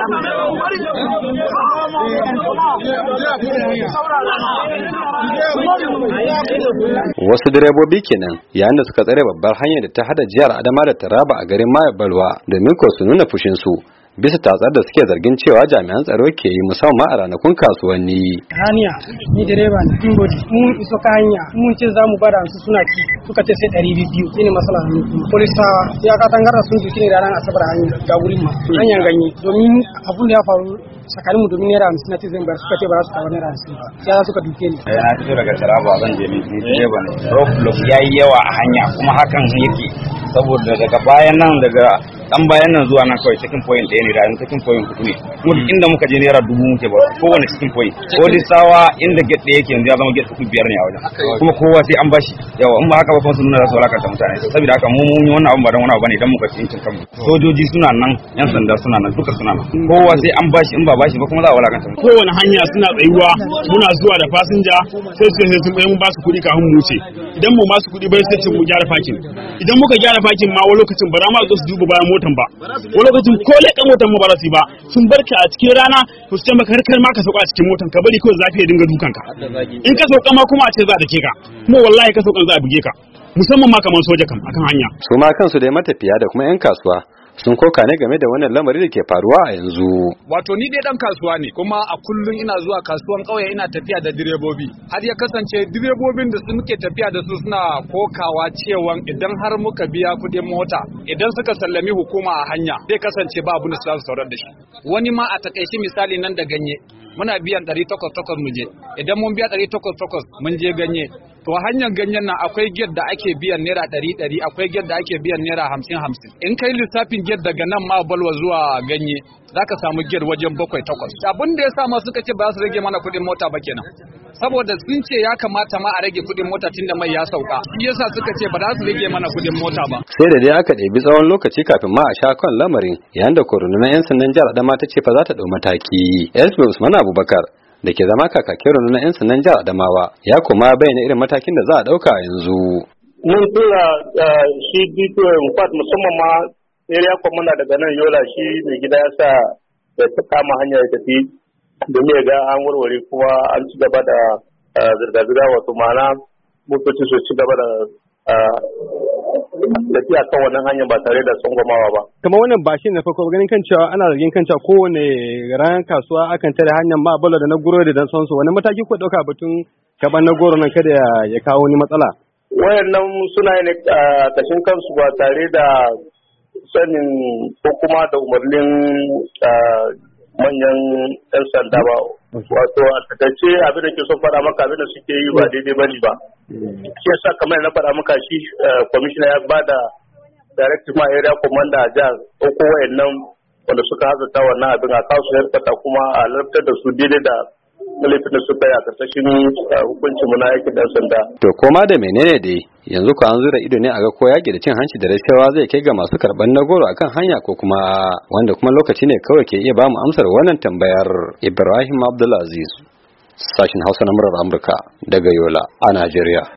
Wasu direbobi kenan yayin da suka tsare babbar hanyar da ta hada jihar Adama da Taraba a garin Mayabalwa domin ko su nuna fushinsu bisa tatsar da suke zargin cewa jami'an tsaro ke yi musamman a ranakun kasuwanni. Hanya ni direba na in godi mun iso ka hanya mun ce za mu bada su suna ci suka ce sai ɗari biyu shi ne masala ne. Polisa ya ka tangarda sun jiki ne ranar asabar hanya ga wurin ma hanyar ganye domin abun da ya faru tsakaninmu domin naira hamsin na ce zan bayar suka ce ba za su kawo naira hamsin ba ya za suka duke ni. Eh, na fito daga Taraba zan je ni direba ne. Roadblock ya yi yawa a hanya kuma hakan yake saboda daga bayan nan daga dan bayan nan zuwa nan kawai cikin point ɗaya ne da cikin point hudu ne kuma duk inda muka je naira dubu muke ba kowane cikin point ko sawa inda get ɗaya yake yanzu ya zama get uku biyar ne a wajen kuma kowa sai an bashi yawa in ba haka ba kuma su nuna za su walakanta mutane saboda haka mu mun wannan abun ba dan wani abu bane dan muka cin cin kanmu sojoji suna nan yan sanda suna nan duka suna nan kowa sai an bashi in ba bashi ba kuma za a walakanta mu kowane hanya suna tsayuwa muna zuwa da fasinja sai su sai sun mun ba su kuɗi kafin mu wuce idan mu ba su kuɗi bai sai mu gyara fakin idan muka gyara fakin ma wani lokacin ba za mu zo su duba bayan motan ba wani lokacin ko leƙa motan ma ba su ba sun ka a cikin rana to su ce maka har ma ka sauka a cikin motan ka bari kawai zafi ya dinga dukan ka in ka sauka ma kuma a ce za a dake ka kuma wallahi ka saukan za a buge ka musamman ma kamar soja kam akan hanya su ma kansu dai matafiya da kuma 'yan kasuwa sun koka ne game da wannan lamari da ke faruwa a yanzu. Wato ni dai dan kasuwa ne kuma a kullum ina zuwa kasuwan ƙauye ina tafiya da direbobi. Har ya kasance direbobin da su muke tafiya da su suna kokawa cewa idan har muka biya kuɗin mota idan suka sallami hukuma a hanya zai kasance ba abin da su su saurar da shi. Wani ma a takaice misali nan da ganye muna biyan ɗari takwas takwas mu je idan mun biya ɗari takwas takwas mun je ganye to hanyar ganyen na akwai giyar da ake biyan naira ɗari ɗari akwai giyar da ake biyan naira hamsin hamsin in kai lissafin giyar daga nan ma balwa zuwa ganye za ka samu giyar wajen bakwai takwas abin da ya sa masu kace ce ba za su rage mana kuɗin mota ba kenan saboda sun ce ya kamata ma a rage kuɗin mota tun da mai ya sauka shi yasa suka ce ba za su rage mana kuɗin mota ba sai da dai aka ɗebi tsawon lokaci kafin ma a sha kan lamarin yayin da na 'yan sandan jihar adama ta ce fa za ta ɗau mataki sb usman abubakar da ke zama kakakin na 'yan sanan jihar Adamawa ya kuma bayyana irin matakin da za a ɗauka yanzu. Mun tura eh, shi d in musamman ma area commander daga nan Yola shi mai gida ya sa da ta kama hanyar tafi domin ya ga an warware kuma an ci gaba da eh, zirga-zirga wato ma'ana motoci su ci gaba da Ah, tafiya kan wannan hanyar ba tare da gomawa ba. Kamar wannan ba shi na farko ganin kan cewa ana zargin kan cewa kowane ranar kasuwa akan tare hanyar ma bala da na goro da dan sansu wani mataki ko dauka batun kaban na goro nan kada ya kawo ni matsala. Wayannan suna ne ah, kashin kansu ba tare da sanin ko kuma da umarnin ah, manyan 'yan sanda ba wato a takaice abin da ke son fara maka abin da suke yi ba daidai ba ne ba shi sa kamar na fara maka shi eh, kwamishina ya ba da directive ma area commander a jihar ɗauko wayannan wanda suka hazata wannan abin a kawo su kuma a lantar da su daidai da na laifin suka yi a eh, hukuncin mu na aikin dan sanda. To koma da menene dai yanzu ko an zura ido ne a ga ko yaƙi da cin hanci da rashawa zai kai ga masu karɓar na goro akan hanya ko kuma wanda kuma lokaci ne kawai ke iya ba mu amsar wannan tambayar Ibrahim Abdulaziz. Sashin Hausa na murar Amurka daga Yola a Najeriya.